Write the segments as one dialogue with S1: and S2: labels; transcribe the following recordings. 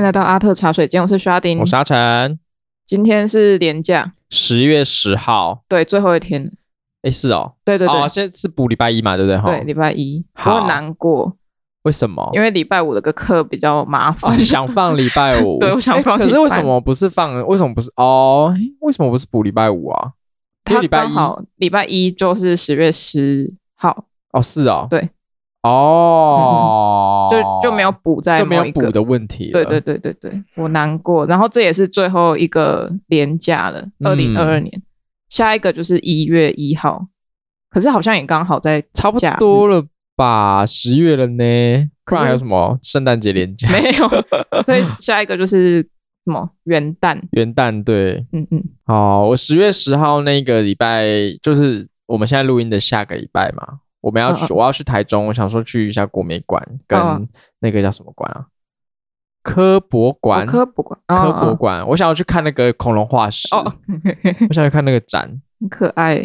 S1: 現在到阿特茶水間，我是刷丁，我是沙塵。今天是連假，
S2: 十月十號，
S1: 對，最後一天。
S2: 誒，是哦，對對對、哦，現在是補禮拜一嘛，對不對？哈，對，禮
S1: 拜一。好難過，
S2: 為什麼？
S1: 因為禮拜五的個課比較麻煩、哦，想放禮拜五。 對，我想放禮拜。可是為什麼
S2: 不是放？為什麼不是？哦，為什麼不是補禮拜五啊？
S1: 他禮拜一，禮拜一就是十月十號。哦，是哦。對。哦、oh, 嗯，就就沒有補在就沒有補的
S2: 問題了。對對對對對，
S1: 我難過。然後這也是最後一個連假了，二零二二年，嗯，下一個就是一月一號，可是好像也剛好在差不多了
S2: 吧，十月了呢。可是還有什麼聖誕節連假
S1: 沒有？所以下一個就是什麼元旦？
S2: 元旦對，嗯嗯。好，我十月十號那個禮拜就是我們現在錄音的下個禮拜嘛。我們要去，哦，我要去台中。我想說去一下國美館，跟那個叫什麼館啊？科，哦，博館。科博館，科，哦，博館。我想要去看那個恐龍化石。哦， 我想要看那個展，
S1: 很可愛。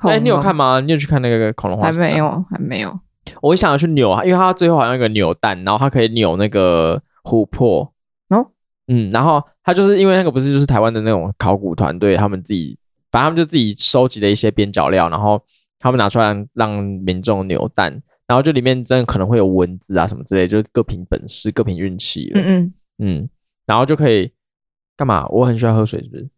S1: 哎，欸，你有看
S2: 嗎？你有去看那個恐龍化石？
S1: 還沒有，還
S2: 沒有。我一想要去扭，因為它最後好像有個扭蛋，然後它可以扭那個琥珀。哦，嗯，然後它就是因為那個不是就是台灣的那種考古團隊，他們自己，反正他們就自己收集的一些邊角料，然後，他們拿出來讓民眾扭蛋，然後就裡面真的可能會有文字啊什麼之類，就是各憑本事、各憑運氣嗯嗯然後就可以幹嘛？我很喜歡喝水，是不是？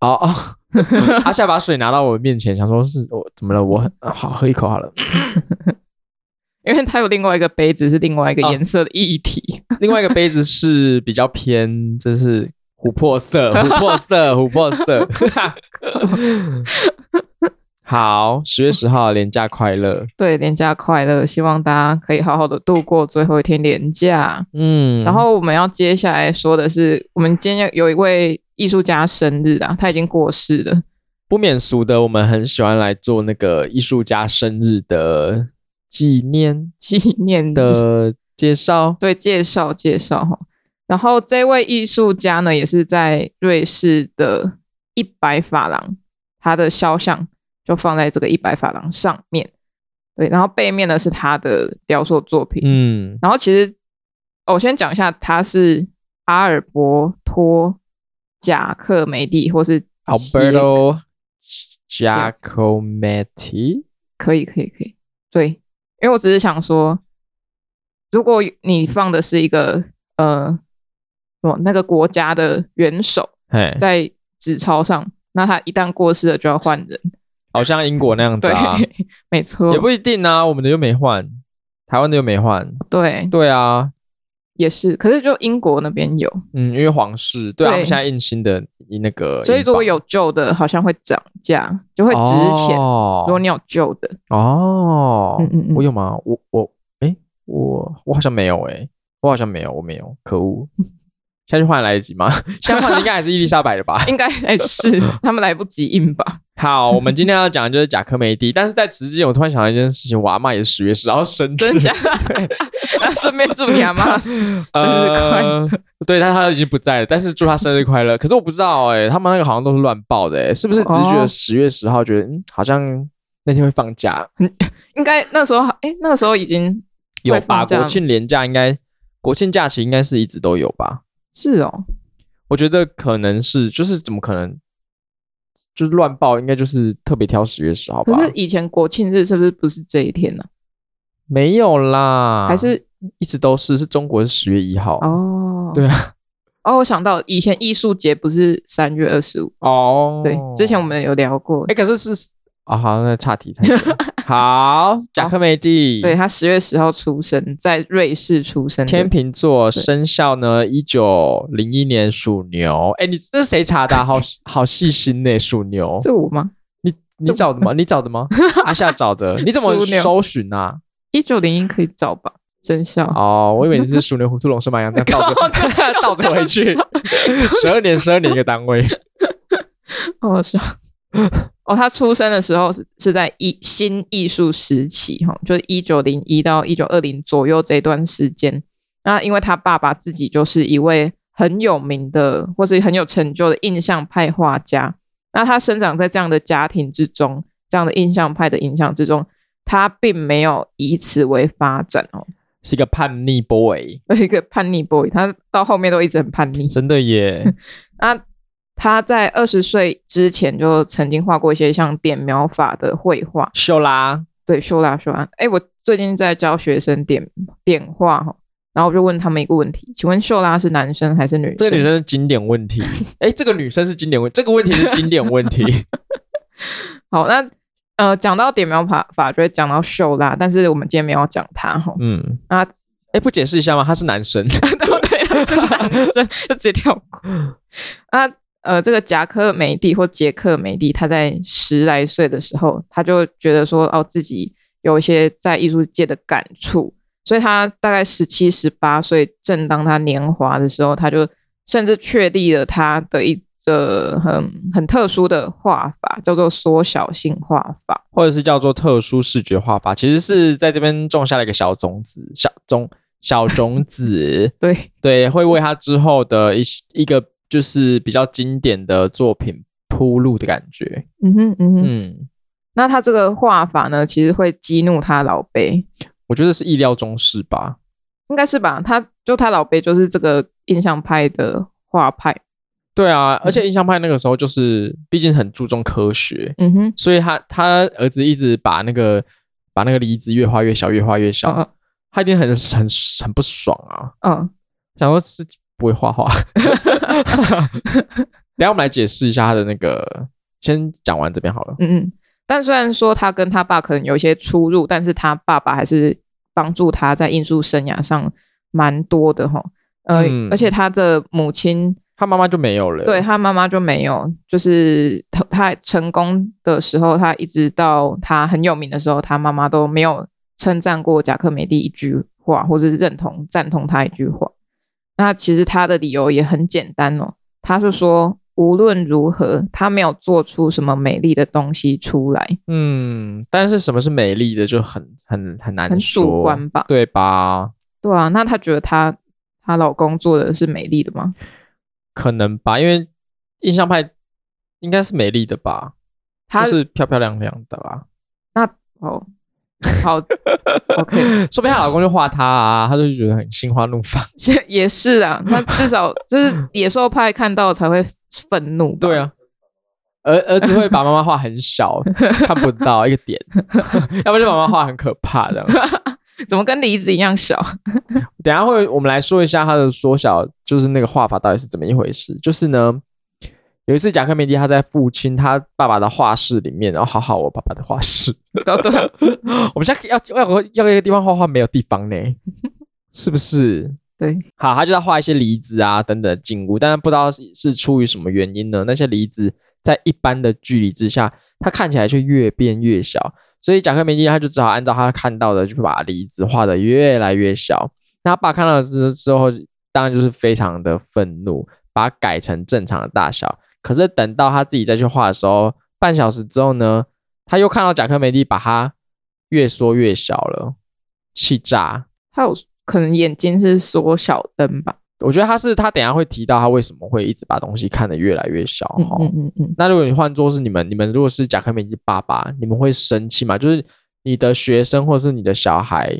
S2: 哦、oh, 哦、oh, 啊，阿夏把水拿到我面前，想說是我、哦、怎麼了？我很、啊、好，喝一口好了。
S1: 因為它有另外一個杯子是另外一個顏色的液體
S2: ，oh, 另外一個杯子是比較偏就是琥珀色，琥珀色，琥珀色。 好，十月十號，連假快樂，嗯。
S1: 對，連假快樂，希望大家可以好好的度過最後一天連假。
S2: 嗯，然後
S1: 我們要接下來說的是，我們今天有一位藝術家生日啊，他已經過世了。
S2: 不免俗的，我們很喜歡來做那個藝術家生
S1: 日的紀念紀念的，的介紹。對，介紹介紹哈。然後這位藝術家呢，也是在瑞士的一百法郎，他的肖像。就放在這個一百法郎上面，對，然後背面呢，是他的雕塑作品，嗯，然後其實、哦、我先講一下，他是阿爾伯托·賈科梅蒂，或是克 Alberto
S2: Giacometti，
S1: 可以，可以，可以，對，因為我只是想說，如果你放的是一個呃，哦，那個國家的元首在紙鈔上，那他一旦過世了就要換人。
S2: 好像英國那樣子啊，對，
S1: 沒錯，
S2: 也不一定啊。我們的又沒換，台灣的又沒換，對，對啊，
S1: 也是。可是就英國那邊有，
S2: 嗯，因為皇室，對啊，對我們現在印新的那個印，所以如果
S1: 有舊的，好像會漲價，就會值錢。哦、如果你有舊的，
S2: 哦嗯嗯嗯，我有嗎？我我，哎、欸，我我好像沒有、欸，哎，我好像沒有，我沒有，可惡， 下去換來得及嗎？下去 換 應該還是伊麗莎白的吧？ 應該還、欸、
S1: 是 他們來不及印吧？
S2: 好，我們今天要講的就是賈科梅蒂。 但是在此之前，我突然想到一件事情，我阿嬤也是十月十號生日。真假？
S1: 順、 啊、便祝你阿媽、呃、生日快
S2: 樂。對，但他已經不在了，但是祝他生日快樂。 可是我不知道、欸，哎，他們那個好像都是亂報的、欸， 是不是？只是覺得十月十號，覺得嗯，好像那天會放假。
S1: 應該那時候，哎、欸，那個時候已經有吧？國慶
S2: 連假應該，國慶假期應該是一直都有吧？是哦，我覺得可能是，就是怎麼可能？就是亂報，應該就是特別挑十月十號吧。可
S1: 是以前國慶日是不是不是這一天呢？啊？
S2: 沒有啦，還是一直都是是中國是十月一號哦。對啊，
S1: 哦，我想到以前藝術節不是三月二十五哦。對，之前我們有聊過。哎、欸，可是是。好、哦、好，
S2: 那岔、個、題材。
S1: 好，賈 科梅蒂，對，他十月十號出生，在瑞士出生。天秤座
S2: 生肖呢？一九零一年屬牛。
S1: 哎、欸，你這是誰查的、啊 好？好
S2: 好細心呢、欸，屬牛。是
S1: 我嗎？你你找的嗎？你找的嗎？
S2: 阿夏找的？你怎麼搜尋啊？
S1: 一九零一可以找吧？生 肖
S2: 哦，我以為你是屬牛、虎、兔、龍、蛇、馬、羊，這樣倒着倒着回去。十二年，十二年一個單位。
S1: 好好笑。哦，他出生的時候是是在一新藝術時期，哈，就是一九零一到一九二零左右這段時間。那因為他爸爸自己就是一位很有名的或是很有成就的印象派畫家，那他生長在這樣的家庭之中，這樣的印象派的影響之中，他並沒有以此為發展哦，是一個叛逆 boy，是一個叛逆 boy，他到後面都一直很叛逆，真的耶， 那。他在二十歲之前就曾經畫過一些像點描法的繪畫。秀拉，對，秀拉，秀拉啊，哎、欸，我最近在教學生點點畫哈，然後我就問他們一個問題：請問秀拉是男生還是女生？這個女生
S2: 是經典問題。哎、 欸，這個女生是經典問題，這個問題是經典問題。
S1: 好，那呃，講到點描法法，就會講到秀拉，但是我們今天沒有講他哈。嗯。啊，哎、欸，不解釋一下嗎？他是男生。對、 啊、對，他是男生， 就直接跳過啊。呃，這個賈科梅蒂或傑克梅蒂，他在十來歲的時候，他就覺得說，哦，自己有一些在藝術界的感觸，所以他大概十七十八歲，正當他年華的時候，他就甚至確立了他的一個很很特殊的畫法，叫做縮小性畫法，
S2: 或者是叫做特殊視覺畫法。其實是在這邊種下了一個小種子，小種小種子， 對對，會為他之後的一一個。就是比較經典的作品
S1: 鋪路的感覺，嗯哼嗯哼嗯，那他這個畫法呢，其實會激怒他老爹，我覺得是意料中事吧，應該是吧，他就他老爹就是這個印象派的畫派，
S2: 對啊、嗯，而且印象派那個時候就是畢竟很注重科學，嗯哼，所以他他兒子一直把那個把那個梨子越畫越小，越畫越小、哦、他一定很很很不爽啊，嗯，想說是。不會畫畫，然後我們來解釋一下他的那個，先講完這邊好了。
S1: 嗯，但雖然說他跟他爸可能有一些出入，但是他爸爸還是幫助他在藝術生涯上蠻多的哈。
S2: 呃、嗯，而且
S1: 他的母親，他媽
S2: 媽就沒有了。對，他
S1: 媽媽就沒有，就是他他成功的時候，他一直到他很有名的時候，他媽媽都沒有稱讚過賈科梅蒂一句話，或者是認同贊同他一句話。那其實他的理由也很簡單哦，他是說，無論如何，他沒有做出什麼美麗的東西出來。嗯，
S2: 但是什麼是美麗的就很很很難說，很主觀吧？對吧？
S1: 對啊，那他覺得他她老公做的是美麗的嗎？
S2: 可能吧，因為印象派應該是美麗的吧，
S1: 她、就是
S2: 漂漂亮亮的啦。
S1: 那哦。好
S2: ，OK，說不定她老公就畫她啊，她就覺得很心花怒放。
S1: 也是啊，那至少就是野獸派看到才會憤怒。對啊，兒兒子會把媽媽畫很小， 看不
S2: 到一個點，
S1: 要不然就把媽媽畫很可怕的， 怎麼跟梨子一樣小？
S2: 等一下會我們來說一下它的縮小，就是那個畫法到底是怎麼一回事？就是呢。有一次，賈科梅蒂他在父親他爸爸的畫室裡面，然後好好我爸爸的畫室，
S1: 對，啊對啊，
S2: 我們現在要要要一個地方畫畫，沒有地方呢，是不是？對，好，他就在畫一些梨子啊等等靜物，但是不知道是，是出於什麼原因呢？那些梨子在一般的距離之下，它看起來卻越變越小，所以賈科梅蒂他就只好按照他看到的，就把梨子畫得越來越小。那他爸看到之之後，當然就是非常的憤怒，把它改成正常的大小。可是等到他自己再去畫的時候，半小時之後呢，他又看到賈科梅蒂把他越縮越小了，氣炸。
S1: 他有可能眼睛是縮小燈吧？
S2: 我覺得他是他等一下會提到他為什麼會一直把東西看得越來越小。嗯
S1: 嗯
S2: 嗯嗯。那如果你換作是你們，你們如果是賈科梅蒂爸爸，你們會生氣嗎？就是你的學生或是你的小孩，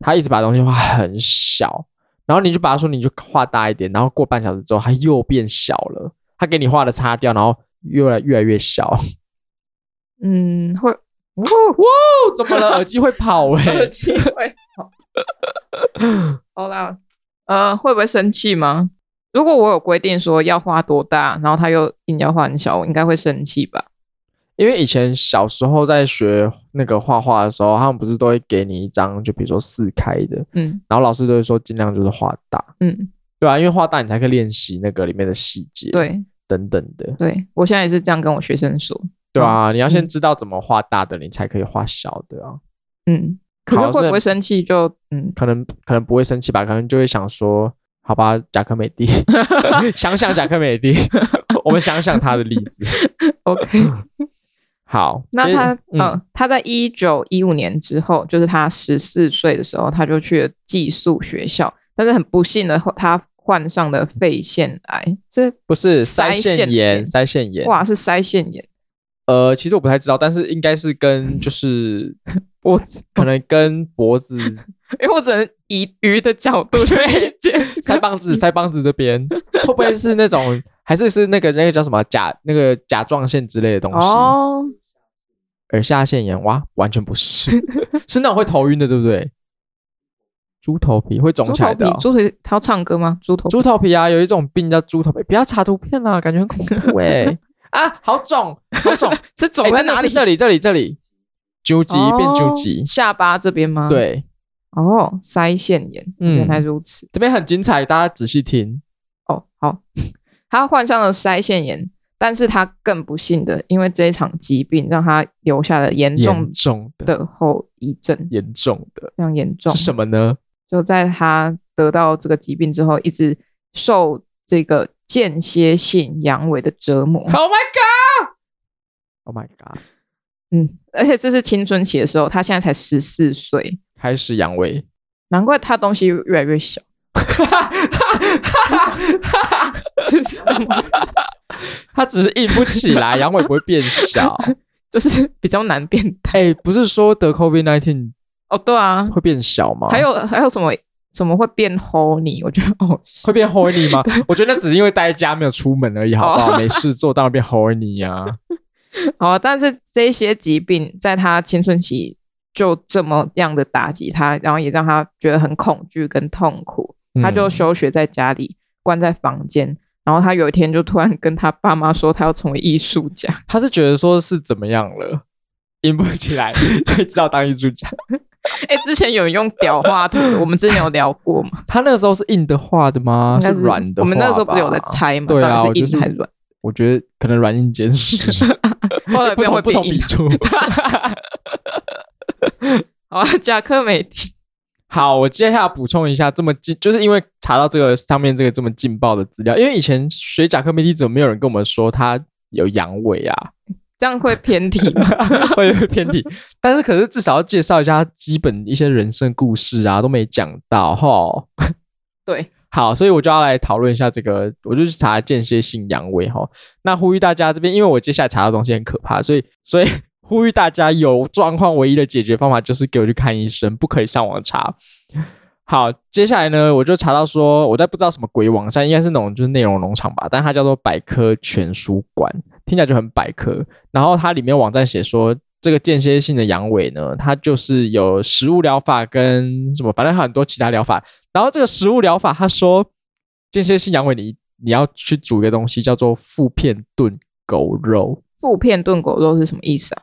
S2: 他一直把東西畫很小，然後你就把他說你就畫大一點，然後過半小時之後他又變小了。他給你畫的擦掉，然後越來越來越小。嗯，
S1: 會嗚嗚、哦、怎麼了？ 耳機會跑哎、欸？耳機會跑。 好啦，呃，會不會生氣嗎？如果我有規定說要畫多大，然後他又硬要畫很小，我應該會生氣吧？
S2: 因為以前小時候在學那個畫畫的時候，他們不是都會給你一張，就比如說四開的，嗯，然後老師都會說盡量就是畫大，嗯，對啊，因為畫大你才可以練習那個裡面的細節，對。等等的，
S1: 對我現在也是這樣跟我學生說。
S2: 對啊，嗯、你要先知道怎麼畫大的，你才可以畫小的啊。嗯，
S1: 可是會不會生氣？就
S2: 嗯，可能可能不會生氣吧，可能就會想說，好吧，賈科梅蒂， 想想賈科梅蒂， 我們想想他的例子。OK，好，那他、就是、嗯、呃，
S1: 他在一九一五年之後，就是他十四歲的時候，他就去了寄宿學校，但是很不幸的，他。患上的肺腺癌，是腮腺炎，不是腮腺炎，
S2: 腮腺炎？腮腺炎？
S1: 哇，是腮腺炎。
S2: 呃，其實我不太知道，但是應該是跟就是脖子， 可能跟脖子。
S1: 因為我只能以魚的角度去理解。 腮幫子，腮
S2: 幫子這邊會不會是那種， 還是是那個那個叫什麼甲那個甲狀腺之類的東西？哦、
S1: oh.
S2: 耳下腺炎？哇，完全不是， 是那種會頭暈的，對不對？豬頭皮會腫起來的、哦。豬
S1: 頭皮，他要唱
S2: 歌嗎？豬頭皮。豬頭皮啊，有一種病叫豬頭皮。不要查圖片啦、啊、感覺很恐怖哎、欸。 啊，好腫，好腫，是 腫、欸、在，在哪裡？這裡，這裡，這裡，皺、哦、肌變皺肌，
S1: 下巴這邊嗎？對。哦，腮腺炎。原來如此。嗯、這邊很精彩，大家仔細聽、嗯。哦，好、哦。他患上了腮腺炎，但是他更不幸的，因為這一場疾病讓他留下了嚴重的後遺
S2: 症。嚴重的，非常嚴重。是什麼呢？
S1: 就在他得到這個疾病之後，一直受這個間歇性陽痿的折磨。Oh my god! Oh my god! 嗯，而且這是青春期的時候，他現在才十四歲，開始陽痿，難怪他東西越來越小。哈哈哈哈哈！真是這麼？他只是硬不起
S2: 來，陽 痿不會變小，就是比較難變。哎、欸，不是說得 COVID 1 9哦、oh,，對啊，會變小嗎？還有
S1: 還有什麼怎麼會變 horny 我覺得哦，會變 horny 嗎
S2: 我覺得那只是因為待在家沒有出門而已，好吧，oh. 沒事做當然變 horny 呀、
S1: 啊。 好，但是這些疾病在他青春期就這麼樣的打擊他，然後也讓他覺得很恐懼跟痛苦，嗯、他就休學在家裡，關在房間。然後他有一天就突然跟他爸媽說，他要成為藝術家。
S2: 他是覺得說是怎麼樣了，硬不起來，所以知道當藝術家。
S1: 哎、欸，之前有用雕花圖，我們之前有聊過嘛？
S2: 他那個時候是硬的畫的嗎？是軟的？我們那時候不是有在猜嗎？對啊，是硬還軟、就是軟？我覺得可能軟硬兼施，後來變回硬。會不同 好、啊，賈科梅蒂。好，我接下來補充一下，這麼近就是因為查到這個上面這個這麼勁爆的資料，因為以前學賈科梅蒂怎麼沒有人跟我們說他有陽痿啊？
S1: 這樣會偏題嗎？
S2: 會會偏題。但是，可是至少要介紹一下基本一些人生故事啊，都沒講到齁。
S1: 對，
S2: 好，所以我就要來討論一下這個，我就去查間歇性陽痿齁。那呼籲大家這邊，因為我接下來查的東西很可怕，所以所以呼籲大家有狀況唯一的解決方法就是給我去看醫生，不可以上網查。好，接下來呢，我就查到說，我在不知道什麼鬼網站，應該是那種就是內容農場吧，但它叫做百科全書館，聽起來就很百科。然後它裡面網站寫說，這個間歇性的陽痿呢，它就是有食物療法跟什麼，反正很多其他療法。然後這個食物療法，他說，間歇性陽痿你你要去煮一個東西叫做腹片燉狗肉。腹片燉狗肉是什麼意思啊？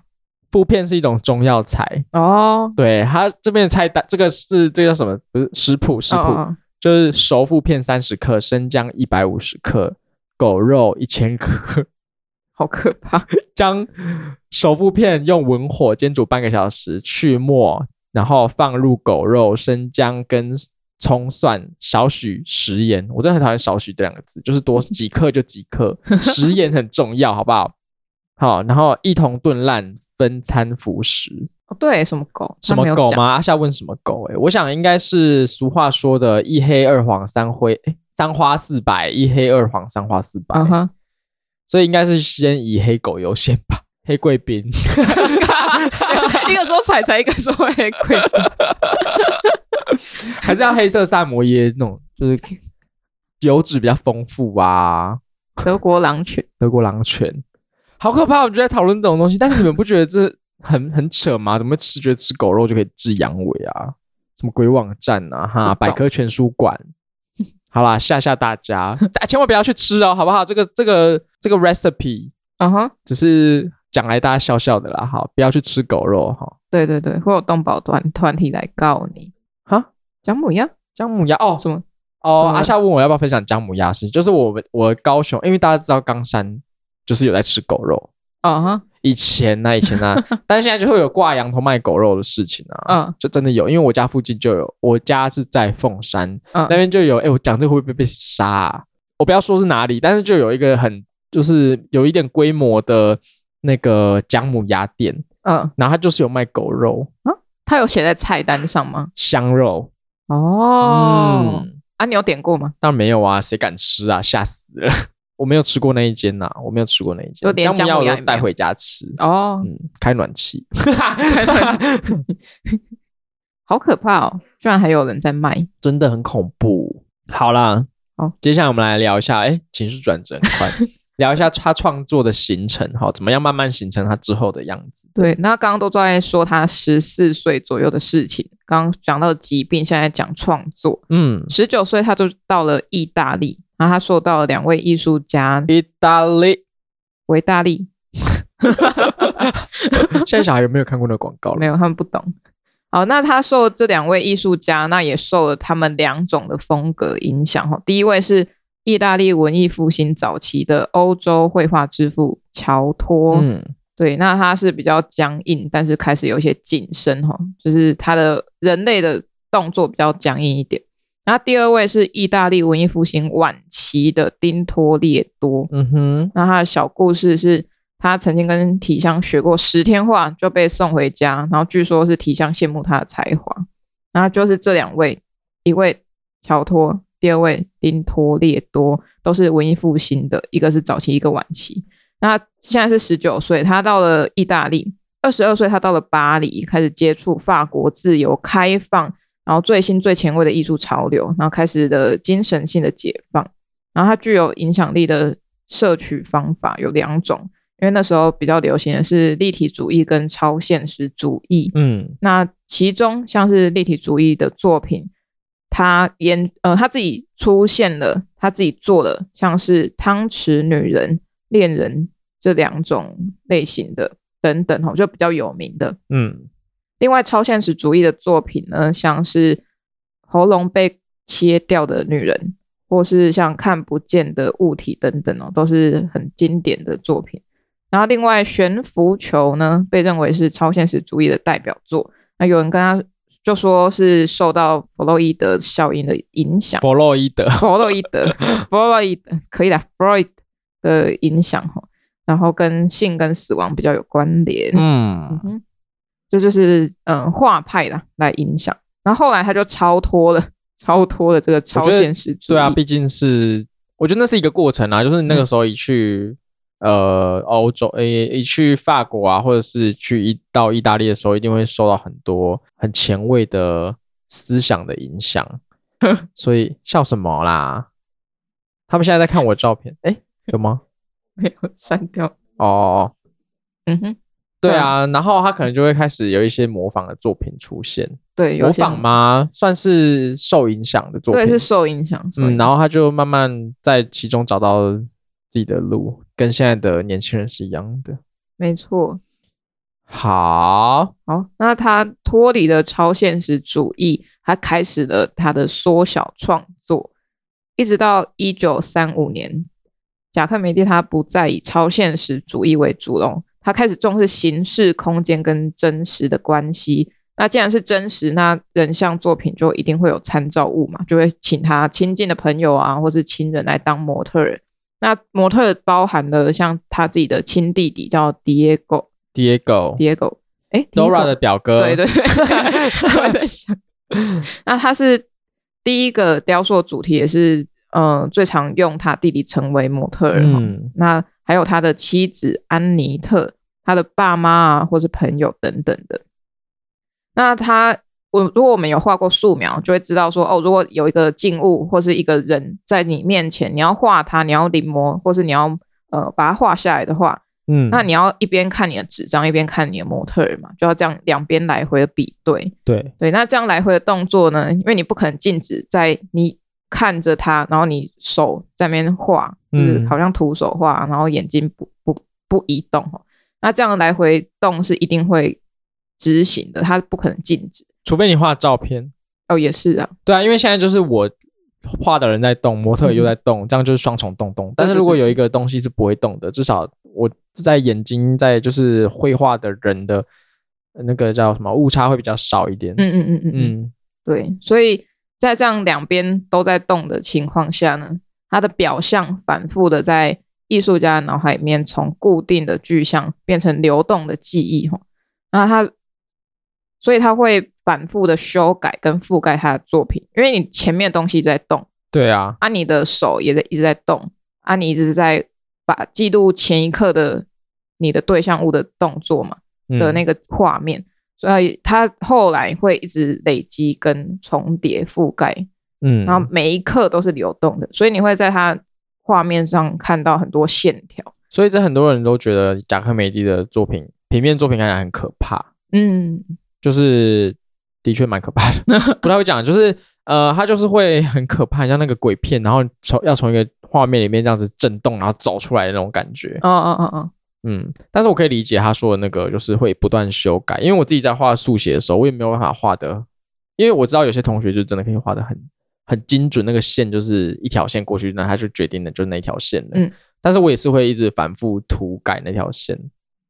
S2: 附片是一種中藥材哦，oh. 對，它這邊的菜單，這個是這個、叫什麼？不是食譜，食譜、oh. 就是熟附片三十克，生薑一百五十克，狗肉一千克，好可怕。將熟附片用文火煎煮半個小時，去沫，然後放入狗肉、生薑跟蔥蒜，少許食鹽。我真的很討厭“少許”這兩個字，就是多幾克就幾克， 食鹽很重要，好不好？好，然後一同燉爛。分餐服食
S1: 哦，對，什麼狗？什麼狗嗎？阿
S2: 夏問什麼狗、欸？哎，我想應該是俗話說的一黑二黃三灰、欸、三花四白，一黑二黃三花四白、uh -huh. 所以應該是先以黑狗優先吧，黑貴賓
S1: 一個說彩彩，一個說黑貴
S2: 賓，還是要黑色薩摩耶那種，就是油脂比較豐富啊，德國狼犬，德國狼犬。好可怕！我就在討論這種東西，但是你們不覺得這很很扯嗎？怎麼會吃？覺得吃狗肉就可以治陽痿啊？什麼鬼網站啊？哈百科全書館。好啦，嚇嚇大家、 啊，千萬不要去吃哦，好不好？這個這個這個 recipe 啊哈，只是講來大家笑笑的啦，好，不要去吃狗肉哈。
S1: 對對對，會有動保團團體來告你。哈薑母鴨？薑母鴨？哦什麼？哦阿夏
S2: 問我要不要分享薑母鴨是？就是我們我高雄，因為大家知道岡山。就是有在吃狗肉啊哈！Uh -huh. 以前啊，以前啊， 但是現在就會有掛羊頭賣狗肉的事情啊。嗯、uh,，就真的有，因為我家附近就有，我家是在鳳山，uh, 那邊就有。哎、欸，我講這個會不會被殺、啊？我不要說是哪裡，但是就有一個很就是有一點規模的那個薑母鴨店，嗯、uh,，然後它就是有賣狗肉啊。
S1: Uh, 它有寫在菜單上嗎？香肉哦、oh. 嗯，啊，你有點過嗎？
S2: 當然沒有啊，誰敢吃啊？嚇死了。我沒有吃過那一間吶、啊，我沒有吃過那一間、啊。我等一下，我要帶回家吃哦、嗯，開暖氣，
S1: 好可怕哦！居然還有人在賣，真的很恐怖。
S2: 好啦，好、哦，接下來我們來聊一下，哎、欸，情緒轉折快， 聊一下他創作的行程，好，怎麼樣慢慢形成他之後的樣子
S1: 的？對，那剛剛都在說他十四歲左右的事情，剛講到疾病，現在講創作，嗯，十九歲他就到了意大利。然後他受到了兩位藝術家，意大利維大利。大利 現在小孩有沒有看過那廣告？沒有，他們不懂。好，那他受這兩位藝術家，那也受了他們兩種的風格影響哈。第一位是意大利文藝復興早期的歐洲繪畫之父喬托，嗯，對，那他是比較僵硬，但是開始有一些謹慎哈，就是他的人類的動作比較僵硬一點。那第二位是意大利文藝復興晚期的丁托列多。嗯哼，那他的小故事是他曾經跟提香學過十天畫，就被送回家。然後據說，是提香羨慕他的才華。然後就是這兩位，一位喬托，第二位丁托列多，都是文藝復興的，一個是早期，一個晚期。那現在是十九歲，他到了意大利；二十二歲，他到了巴黎，開始接觸法國自由開放。然後最新最前衛的藝術潮流，然後開始的精神性的解放，然後它具有影響力的攝取方法有兩種，因為那時候比較流行的是立體主義跟超現實主義。嗯，那其中像是立體主義的作品，它演呃，他自己出現了，他自己做了像是湯匙女人、戀人這兩種類型的等等哈，就比較有名的。嗯。另外，超現實主義的作品呢，像是喉嚨被切掉的女人，或是像看不見的物體等等哦，喔，都是很經典的作品。然後，另外懸浮球呢，被認為是超現實主義的代表作。那有人跟他就說是受到弗洛伊德效應的影響。弗洛伊德、弗洛伊德，弗洛伊德，可以了，弗洛伊德的影響喔，然後跟性跟死亡比較有關聯。嗯。嗯。這就，就是嗯畫派啦來影響，然後後來他就超脫了，超脫了這個超現實
S2: 主義。對啊，畢竟是我覺得那是一個過程啊，就是那個時候一去、嗯、呃歐洲，誒、欸、一去法國啊，或者是去一到意大利的時候，一定會受到很多很前衛的思想的影響。所以笑什麼啦？他們現在在看我的照片，哎、
S1: 欸，有嗎？沒有刪掉哦。嗯哼。對啊，
S2: 然後他可能就會開始有一些模仿的作品出現，
S1: 對，有模仿嗎？
S2: 算是受影響的作品，對，是
S1: 受影，受影響。嗯，然後他
S2: 就慢慢在其中找到自己的路，跟現在的年輕人是一樣的，
S1: 沒錯。
S2: 好好，
S1: 那他脫離了超現實主義，他開始了他的縮小創作，一直到一九三五年，賈科梅蒂他不再以超現實主義為主了。他開始重視形式空間跟真實的關係。那既然是真實，那人像作品就一定會有參照物嘛，就會請他親近的朋友啊，或是親人來當模特兒。那模特兒包含了像他自己的親弟弟叫 Diego，Diego，Diego，Diego，欸，Dora 的表哥，對對對，我 在想，那他是第一個雕塑主題，也是嗯、呃，最常用他弟弟成為模特兒、嗯。那還有他的妻子安妮特。他的爸媽啊，或是朋友等等的。那他，我如果我們有畫過素描，就會知道說，哦，如果有一個靜物或是一個人在你面前，你要畫他，你要臨摹，或是你要呃把它畫下來的話，嗯，那你要一邊看你的紙張，一邊看你的模特兒嘛，就要這樣兩邊來回的比對，對對。那這樣來回的動作呢，因為你不可能靜止在你看着他，然後你手在那邊畫，嗯、就是，好像徒手畫、嗯，然後眼睛不不不移動哦。那這樣來回動是一定會執行的，它不可能靜止，除非你畫照片。哦，也是啊。
S2: 對啊，因為現在就是我畫的人在動，模特又在動、嗯，這樣就是雙重動動、嗯。但是如果有一個東西是不會動的，至少我在眼睛在就是繪畫的人的那個叫什麼誤差會比較少一點。
S1: 嗯嗯嗯嗯嗯，對。所以在這樣兩邊都在動的情況下呢，它的表象反覆的在。藝術家的腦海裡面，從固定的具象變成流動的記憶，然後，他，所以他會反覆的修改跟覆蓋他的作品，因為你前面東西在動，對啊，啊你的手也在一直在動，啊你一直在把記錄前一刻的你的對象物的動作嘛的那個畫面，嗯，所以他後來會一直累積跟重疊覆蓋，嗯，然後每一刻都是流動的，所以你會在他畫面上看到很多線條，
S2: 所以這很多人都覺得賈科梅蒂的作品，平面作品看起來很可怕。嗯，就是的確蠻可怕的， 不太會講，就是呃，他就是會很可怕，像那個鬼片，然後從要從一個畫面裡面這樣子震動，然後走出來的那種感覺。嗯
S1: 嗯
S2: 嗯嗯，但是我可以理解他說的那個，就是會不斷修改，因為我自己在畫速寫的時候，我也沒有辦法畫得，因為我知道有些同學就真的可以畫得很。很精準，那個線就是一條線過去，那他就決定了就是那條線了。嗯，但是我也是會一直反覆塗改那條線。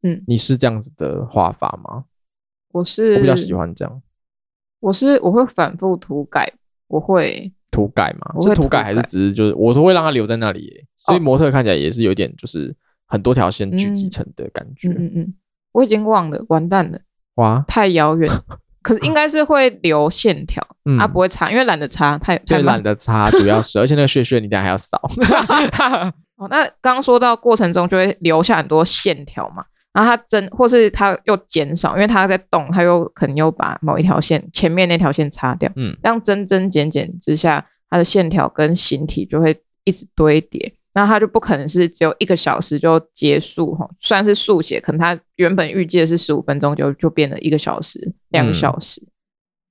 S2: 嗯，你是這樣子的畫法嗎？
S1: 我是我比較喜歡這樣。我是我會反覆塗改，我會
S2: 塗改嗎？我會塗改，是塗改還是只是就是我都會讓它留在那裡。哦，所以模特看起來也是有點就是很多條線聚集成的感
S1: 覺。嗯嗯，嗯，我已經忘了，完蛋了，哇，太遙遠。 可是應該是會留線條、嗯，啊，不會擦，因為懶得擦，太太懶得
S2: 擦，主要是，而且那個屑屑你等下還要
S1: 掃。 哦，那剛說到過程中就會留下很多線條嘛，然、啊、後它增或是它又減少，因為它在動，它又可能又把某一條線前面那條線擦掉，嗯，這樣增增減減之下，它的線條跟形體就會一直堆疊。那他就不可能是只有一個小時就結束哈，雖然是速寫，可能他原本預計的是十五分鐘，就就變了一個小時、兩個小時。嗯、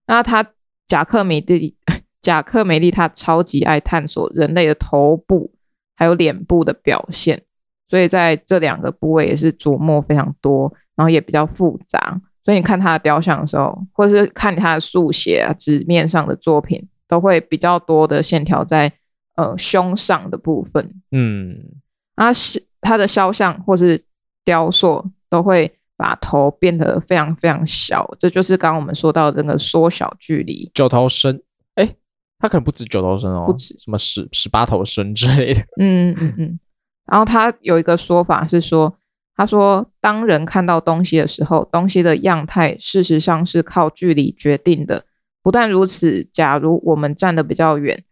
S1: 那他賈科梅蒂，賈科梅蒂他超級愛探索人類的頭部，還有臉部的表現，所以在這兩個部位也是琢磨非常多，然後也比較複雜。所以你看他的雕像的時候，或者是看他的速寫啊，紙面上的作品，都會比較多的線條在。呃，胸上的部分，嗯，他是它的肖像或是雕塑，都會把頭變得非常非常小，這就是剛剛我們說到的那個縮小距離
S2: 九頭身，哎，他可能不止九頭身哦，不止什麼十十八頭身之類的，嗯嗯
S1: 嗯，然後他有一個說法是說，他說當人看到東西的時候，東西的樣態事實上是靠距離決定的。不但如此，假如我們站得比較遠。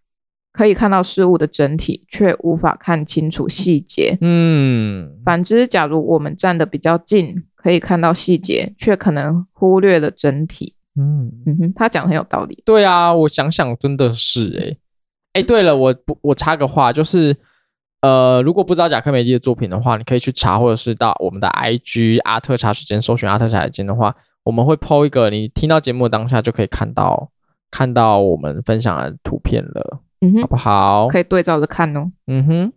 S1: 可以看到事物的整體，卻無法看清楚細節。嗯，反之，假如我們站得比較近，可以看到細節，卻可能忽略了整體。嗯，嗯哼，他講很有道理。
S2: 對啊，我想想，真的是哎、欸欸、對了，我不我插個話，就是呃，如果不知道賈科梅蒂的作品的話，你可以去查，或者是到我們的 I G 阿特茶水間搜尋阿特茶水間的話，我們會 PO 一個你聽到節目當下就可以看到看到我們分享的圖片了。嗯、哼好不好？可以
S1: 對照着看哦。嗯哼，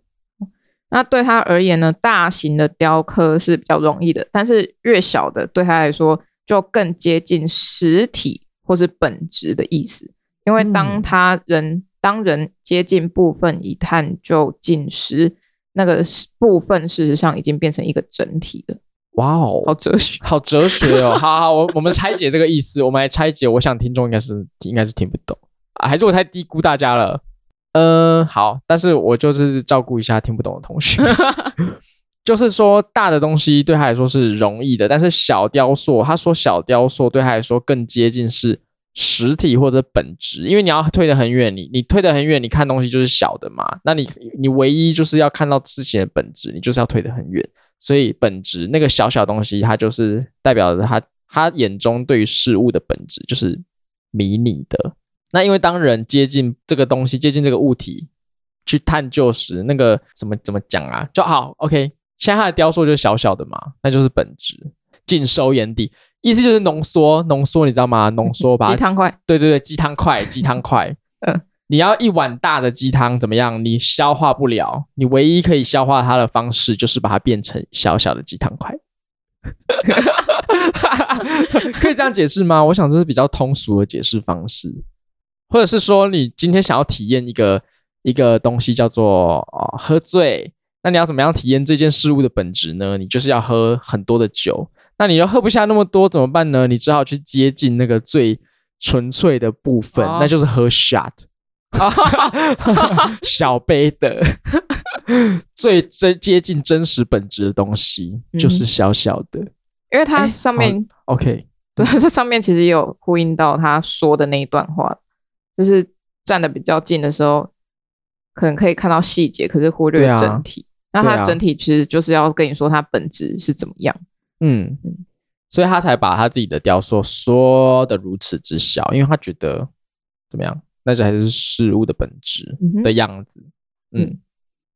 S1: 那對他而言呢，大型的雕刻是比較容易的，但是越小的對他來說就更接近實體或是本質的意思。因為當他人、嗯、當人接近部分，一探究竟時，那個部分，事實上已經變成一個整體了。哇哦，好哲
S2: 學，好哲學哦！好好，我我們拆解這個意思， 我們來拆解。我想聽眾應該是應該是聽不懂、啊，還是我太低估大家了？嗯，好，但是我就是照顧一下聽不懂的同學， 就是說大的東西對他來說是容易的，但是小雕塑，他說小雕塑對他來說更接近是實體或者本質，因為你要退得很遠，你你退得很遠，你看東西就是小的嘛，那你你唯一就是要看到事情的本質，你就是要退得很遠，所以本質那個小小東西，它就是代表着他他眼中對於事物的本質就是迷你的。那因為當人接近這個東西、接近這個物體去探究時，那個怎麼怎麼講啊？就好，OK。現在它的雕塑就小小的嘛，那就是本質，盡收眼底，意思就是濃縮、濃縮，你知道嗎？濃縮吧。雞湯塊，對對對，雞湯塊，雞湯塊。 你要一碗大的雞湯怎麼樣？你消化不了，你唯一可以消化它的方式就是把它變成小小的雞湯塊。 可以這樣解釋嗎？我想這是比較通俗的解釋方式。或者是說，你今天想要體驗一個一個東西，叫做、哦、喝醉，那你要怎麼樣體驗這件事物的本質呢？你就是要喝很多的酒。那你又喝不下那麼多怎麼辦呢？你只好去接近那個最純粹的部分，oh. 那就是喝 shot，、oh. 小杯的，最 最接近真實本質的東西、嗯、就是小小的，
S1: 因為它上面、欸、OK， 對，這 上面其實也有呼應到他說的那一段話。就是站得比較近的時候，可能可以看到細節，可是忽略整體、啊。那它整體其實就是要跟你說它本質是怎麼樣、啊嗯。
S2: 嗯，所以他才把他自己的雕塑縮得如此之小，因為他覺得怎麼樣？那就還是事物的本質的樣子。嗯，
S1: 嗯，嗯，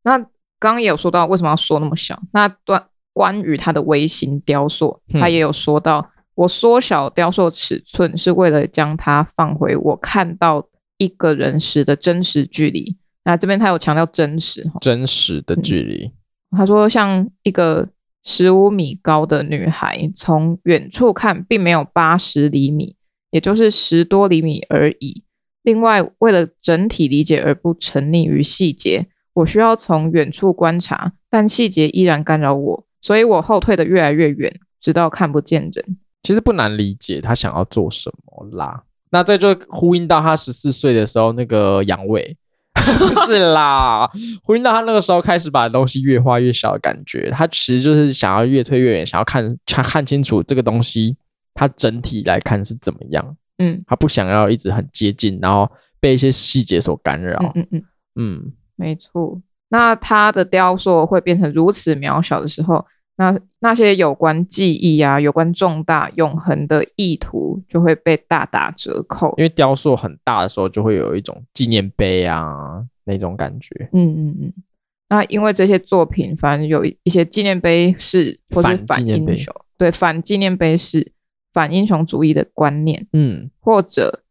S1: 那剛剛也有說到為什麼要縮那麼小。那段關於他的微型雕塑，他也有說到，嗯、我縮小雕塑尺寸是為了將它放回我看到。一個人時的真實距離，那這邊他有強調真實，真實的距離。嗯，他說，像一個十五米高的女孩，從遠處看，並沒有八十釐米，也就是十多釐米而已。另外，為了整體理解而不沉溺於細節，我需要從遠處觀察，但細節依然干擾我，所以我後退得越來越遠，直到看不見人。
S2: 其實不難理解他想要做什麼啦。那這就呼應到他十四歲的時候那個陽痿，是啦， 呼應到他那個時候開始把東西越畫越小的感覺，他其實就是想要越推越遠，想要看想看清楚這個東西，它整體來看是怎麼樣，嗯，他不想要一直很接近，然後被一些細節所干擾，嗯嗯嗯，嗯
S1: 沒錯，那他的雕塑會變成如此渺小的時候。那那些有關記憶啊、有關重大永恆的意圖，就會被大打折扣。因
S2: 為雕塑很大的時候，就會有一種紀念碑啊那種感覺。
S1: 嗯嗯嗯。那因為這些作品，反正有一些紀念碑式，或是反英雄，反紀念碑。對，反紀念碑式反英雄主義的觀念。嗯。或者，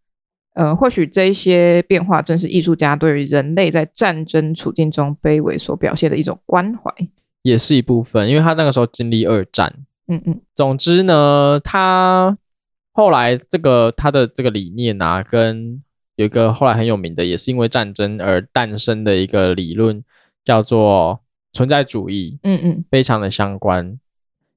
S1: 呃，或許這一些變化，正是藝術家對於人類在戰爭處境中卑微所表現的一種關懷。
S2: 也是一部分，因為他那個時候經歷二戰，嗯嗯。總之呢，他後來這個他的這個理念呢、啊，跟有一個後來很有名的，也是因為戰爭而誕生的一個理論，叫做存在主義，嗯嗯，非常的相關。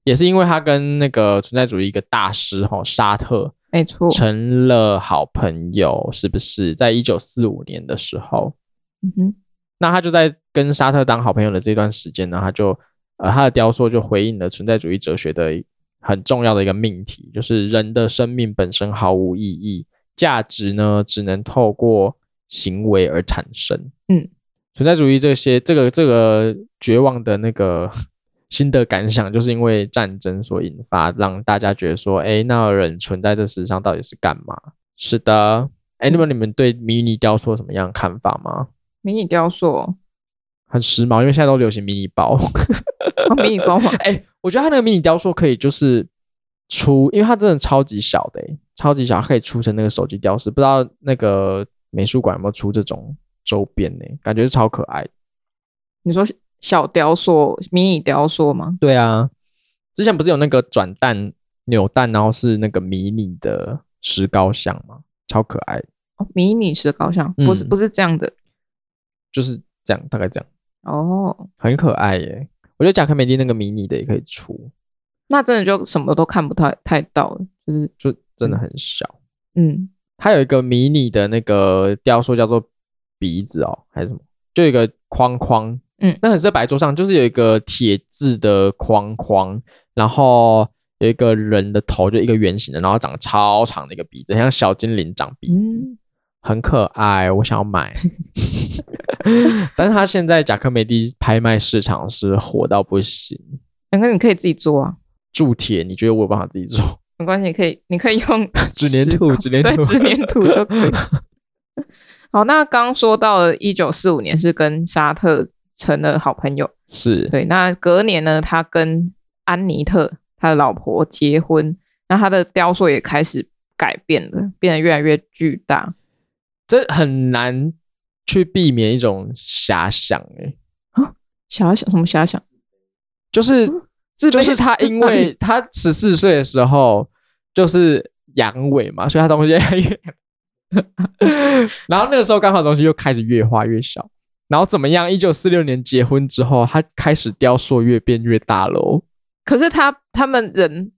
S2: 也是因為他跟那個存在主義一個大師哈、哦，沙特，沒錯，成了好朋友，是不是？在一九四五年的時候，
S1: 嗯哼。
S2: 那他就在跟沙特當好朋友的這段時間呢，他就呃他的雕塑就回應了存在主義哲學的很重要的一個命題，就是人的生命本身毫無意義，價值呢只能透過行為而產生。嗯，存在主義這些這個這個絕望的那個新的感想，就是因為戰爭所引發，讓大家覺得說，哎、欸，那人存在這世上到底是幹嘛？是的，anyway，、欸、那你們對迷你雕塑有什麼樣的看法嗎？
S1: 迷你雕塑、
S2: 哦、很時髦，因為現在都流行迷你包。 哦、迷你包嗎？哎、欸，我覺得它那個迷你雕塑可以，就是出，因為它真的超級小的、欸，超級小，可以出成那個手機雕塑。不知道那個美術館有沒有出這種周邊呢、欸？感覺是超可愛的。
S1: 你說小雕塑、迷你雕塑嗎？
S2: 對啊，之前不是有那個轉蛋扭蛋，然後是那個迷你的石膏像嗎？超可愛。哦，
S1: 迷你石膏像不是不是這樣的。嗯
S2: 就是這樣，大概這樣哦，很可愛耶。我覺得賈科梅蒂那個迷你的也可以出，
S1: 那真的就什麼都看不太太到，就是
S2: 就真的很小嗯。嗯，它有一個迷你的那個雕塑叫做鼻子哦，還是什麼，就有一個框框。嗯，那很是在白桌上，就是有一個鐵質的框框，然後有一個人的頭，就一個圓形的，然後長超長的一個鼻子，很像小精靈長鼻子。嗯很可愛，我想要買。 但是他現在賈科梅蒂拍賣市場是火到不行。
S1: 那、嗯、哥，你可以自己做啊，
S2: 鑄鐵？你覺得我有辦法自己做？
S1: 沒關係，可以，你可以用
S2: 紙粘土，紙粘土對，紙粘土就可
S1: 以。 好，那剛說到了一九四五年是跟沙特成了好朋友，是對。那隔年呢，他跟安妮特他的老婆結婚，那他的雕塑也開始改變了，變得越來越巨大。
S2: 這很難去避免一種遐想哎、欸，
S1: 啊，遐想什麼遐想？就是,這是就是他，因為
S2: 他十四歲的時候就是陽痿嘛，所以他東西越來越。 然後那個時候剛好東西又開始越畫越小，然後怎麼樣？一九四六年結婚之後，他開始雕塑越變越大了、
S1: 哦。可是他他們人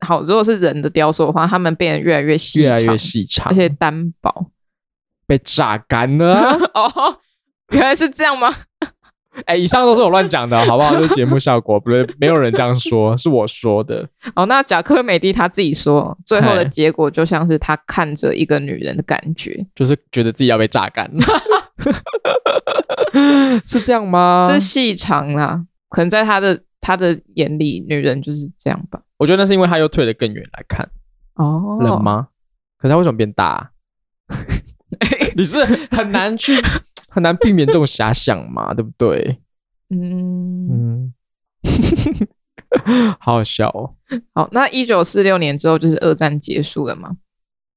S1: 好，如果是人的雕塑的話，他們變得越來越細長，越來越細長，而且單薄。
S2: 被榨乾了，
S1: 呵呵，哦，原來是這樣嗎？哎、欸，以上都是我亂講的，好不好？這 節目效果，不是沒有人這樣說，是我說的。哦，那賈科梅蒂他自己說，最後的結果就像是他看着一個女人的感覺，
S2: 就是覺得自己要被榨乾
S1: 了， 是這樣嗎？是細長啊，可能在他的他的眼裡，女人就是這樣吧。我覺得那是因為他又退得更遠來看哦，冷嗎？可是他為什麼變大、
S2: 啊？ 你是很難去很難避免這種遐想嘛， 對不對？嗯嗯， 好好笑
S1: 哦。好，那一九四六年之後就是二戰結束了嘛。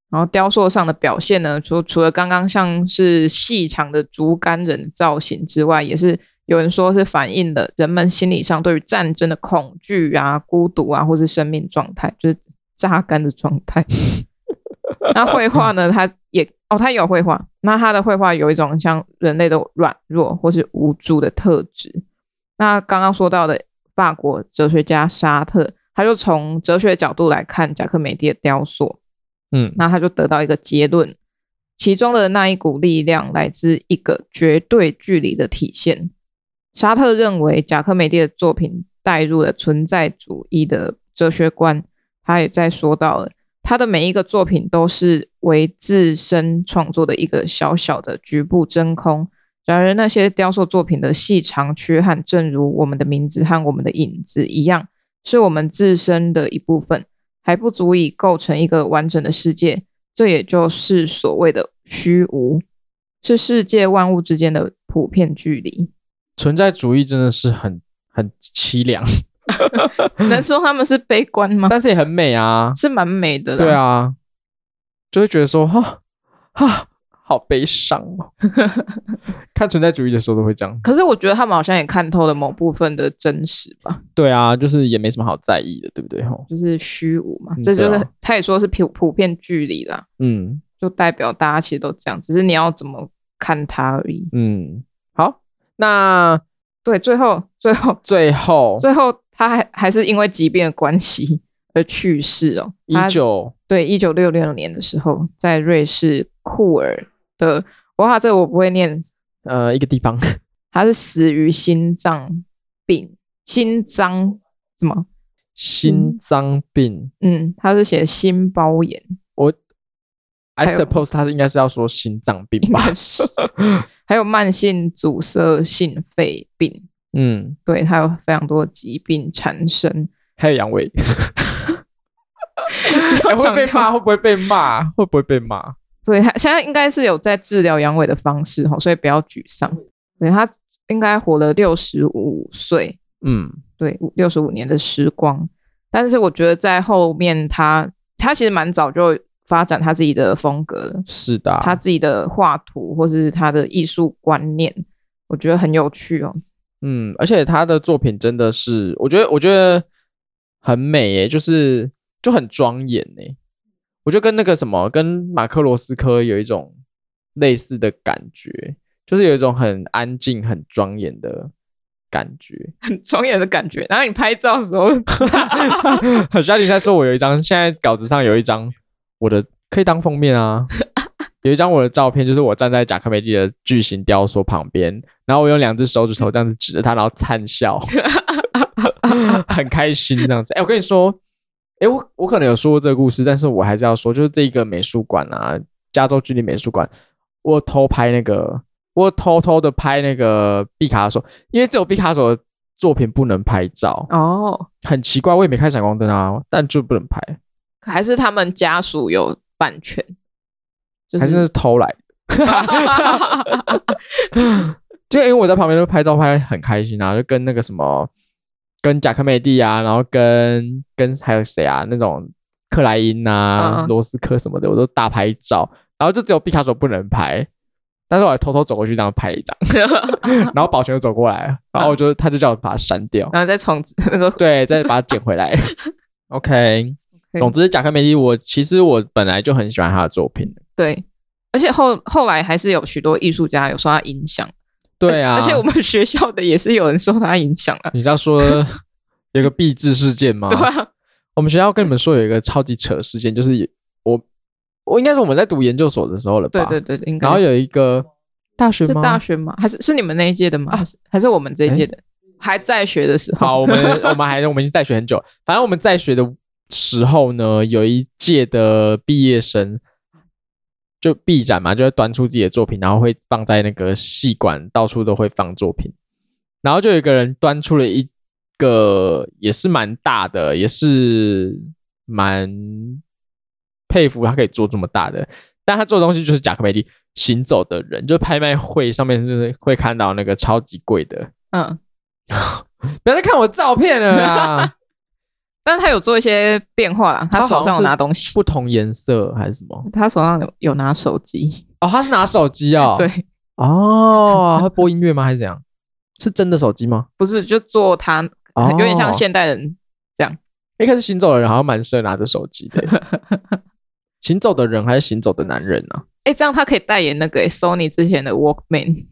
S1: 然後雕塑上的表現呢，除除了剛剛像是細長的竹竿人造型之外，也是有人說是反映了人們心理上對於戰爭的恐懼啊、孤獨啊，或是生命狀態，就是榨乾的狀態。 那繪畫呢，它也。哦，他有繪畫，那他的繪畫有一種像人類的軟弱或是無助的特質。那剛剛說到的法國哲學家沙特，他就從哲學角度來看賈科梅蒂的雕塑，嗯，那他就得到一個結論，其中的那一股力量來自一個絕對距離的體現。沙特認為賈科梅蒂的作品帶入了存在主義的哲學觀，他也在說到了。他的每一個作品都是為自身創作的一個小小的局部真空。然而，那些雕塑作品的細長缺憾，正如我們的名字和我們的影子一樣，是我們自身的一部分，還不足以構成一個完整的世界。這也就是所謂的虛無，是世界萬物之間的普遍距離。存
S2: 在主義真的是很很淒涼。
S1: 能說他們是悲觀嗎？但是也很美啊，是蠻美的。對啊，
S2: 就會覺得說哈哈，好悲傷哦。 看存在主義的時候都會這樣。
S1: 可是我覺得他們好像也看透了某部分的真實吧？
S2: 對啊，就是也沒什麼好在意的，
S1: 對不對？就是虛無嘛、嗯啊。這就是他也說是普普遍距離啦。嗯，就代表大家其實都這樣，只是你要怎麼看它而已。嗯，好，那對最後最後最後最後。最後最後最後他還還是因為疾病的關係而去世哦、喔。一 19... 九對一九六六年的時候，在瑞士庫爾的，我靠，這個我不會念。
S2: 呃，一個地方，
S1: 他是死於心臟病，心臟
S2: 什麼？心臟病。
S1: 嗯，他、嗯、是寫心包炎。
S2: 我，I suppose，他是應該是要說心臟病吧？
S1: 還有慢性阻塞性肺病。嗯，對，他有非常多的疾病纏身，還有陽痿，還 會被罵？會不會被罵？會不會被罵？對，他現在應該是有在治療陽痿的方式哈，所以不要沮喪。對，他應該活了六十五歲，嗯，對，六十五年的時光。但是我覺得在後面他，他他其實蠻早就發展他自己的風格了，
S2: 是的、啊，他自
S1: 己的畫圖或者是他的藝術觀念，我覺得很有趣哦。
S2: 嗯，而且他的作品真的是，我覺得，我覺得很美誒、欸，就是就很莊嚴呢。我覺得跟那個什麼，跟馬克羅斯科有一種類似的感覺，就是有一種很安靜、很莊嚴的感覺。很
S1: 莊嚴的感覺，然後你拍照的時候，
S2: 好像你在說我有一張， 現在稿子上有一張，我的可以當封面啊。有一張我的照片，就是我站在賈科梅蒂的巨型雕塑旁邊，然後我用兩隻手指頭這樣子指着它，然後燦笑， 很開心這樣子。欸、我跟你說，欸、我我可能有說過這個故事，但是我還是要說，就是這一個美術館啊，加州距離美術館，我偷拍那個，我偷偷的拍那個畢卡索，因為只有畢卡索的作品不能拍照哦，很奇怪，我也沒開閃光燈啊，但就不能拍，
S1: 還是他們家屬有版權。
S2: 就是、還真是，是偷來的，哈哈哈。就因為我在旁邊都拍照拍很開心啊，就跟那個什麼跟賈科梅蒂啊，然後跟跟還有誰啊，那種克萊因吶，羅斯科什麼的，我都大拍照，然後就只有畢卡索不能拍，但是我還偷偷走過去這樣拍一張 然後保全又走過來，然後我就他就叫我把他刪掉， 然後再從那個對 再把它撿回來 okay，OK，總之賈科梅蒂我其實我本來就很喜歡他的作品。
S1: 對，而且後後來還是有許多藝術家有受他影響。
S2: 對啊而，而且我們學校的也是有人受他影響了、啊。你知道說有個畢製事件嗎？ 對、啊，我們學校跟你們說有一個超級扯事件，就是我我應該是我們在讀研究所的時候了吧？對對對，應該是。然後有一個
S1: 大學嗎？是大學嗎？還是是你們那一屆的嗎？啊、還是我們這一屆的、欸、還在學的時候？好，
S2: 我們 我們還我們已經在學很久。反正我們在學的時候呢，有一屆的畢業生。就閉展嘛，就會端出自己的作品，然後會放在那個細管，到處都會放作品。然後就有一個人端出了一個，也是蠻大的，也是蠻佩服他可以做這麼大的。但他做的東西就是賈科梅蒂《行走的人》，就拍賣會上面是會看到那個超級貴的。
S1: 嗯， 不要再看我照片了啦。 但是他有做一些變化啦，他手上有拿
S2: 東西，不同顏色還是什麼？他手上有有拿手機哦，他是拿手機
S1: 啊、哦？對，
S2: 哦，他播音樂嗎？還是怎樣？是真的手機嗎？
S1: 不是，就做他有點像現代人這樣。Oh.
S2: 一開始行走的人好像蠻適合拿着手機的，行走的人還是行走的男人呢、啊？
S1: 哎、欸，這樣他可以代言那個 Sony 之前的 Walkman。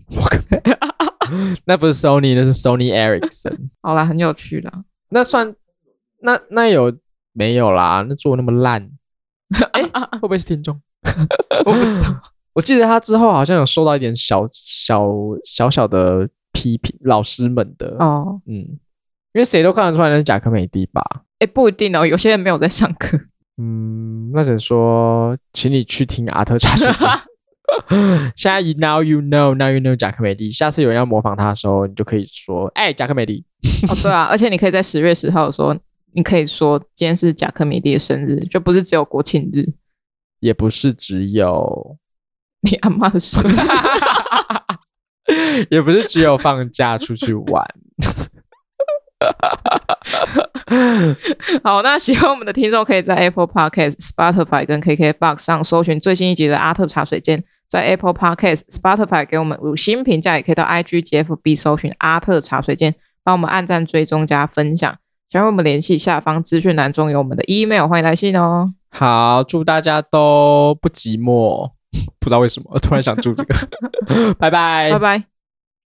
S2: 那不是 Sony，那是 Sony Ericsson。 好啦，很有趣的，
S1: 那算。那那
S2: 有沒有啦？那做那麼爛，哎、啊， 會不會是聽眾？ 我不知道。 我記得他之後好像有受到一點小小小小的批評，老師們的哦，嗯，因為誰都看得出來那是賈科梅蒂吧？
S1: 哎、欸，不一定哦，有些人沒有在上課。嗯，
S2: 那只能說，請你去聽阿特茶水間 現在 now you know，now you know 賈科梅蒂，下次有人要模仿他的時候，你就可以說，哎、
S1: 欸，賈科梅蒂、哦。對啊，而且你可以在十月十號說。 你可以說今天是賈科梅蒂的生日，就不是只有國慶日，也
S2: 不是只有
S1: 你阿媽的生日，
S2: 也不是只有放假出去玩。
S1: 好，那喜歡我們的聽眾可以在 Apple Podcast、Spotify 跟 KK Box 上搜尋最新一集的《阿特茶水間》。在 Apple Podcast、Spotify 給我們五星評價，也可以到 IG 及 FB 搜尋《阿特茶水間》，幫我們按讚、追蹤、加分享。想跟我們聯繫，下方資訊欄中有我們的 email，歡迎來信哦。
S2: 好，祝大家都不寂寞。不知道為什麼，突然想祝這個。
S1: 拜 拜， 拜拜。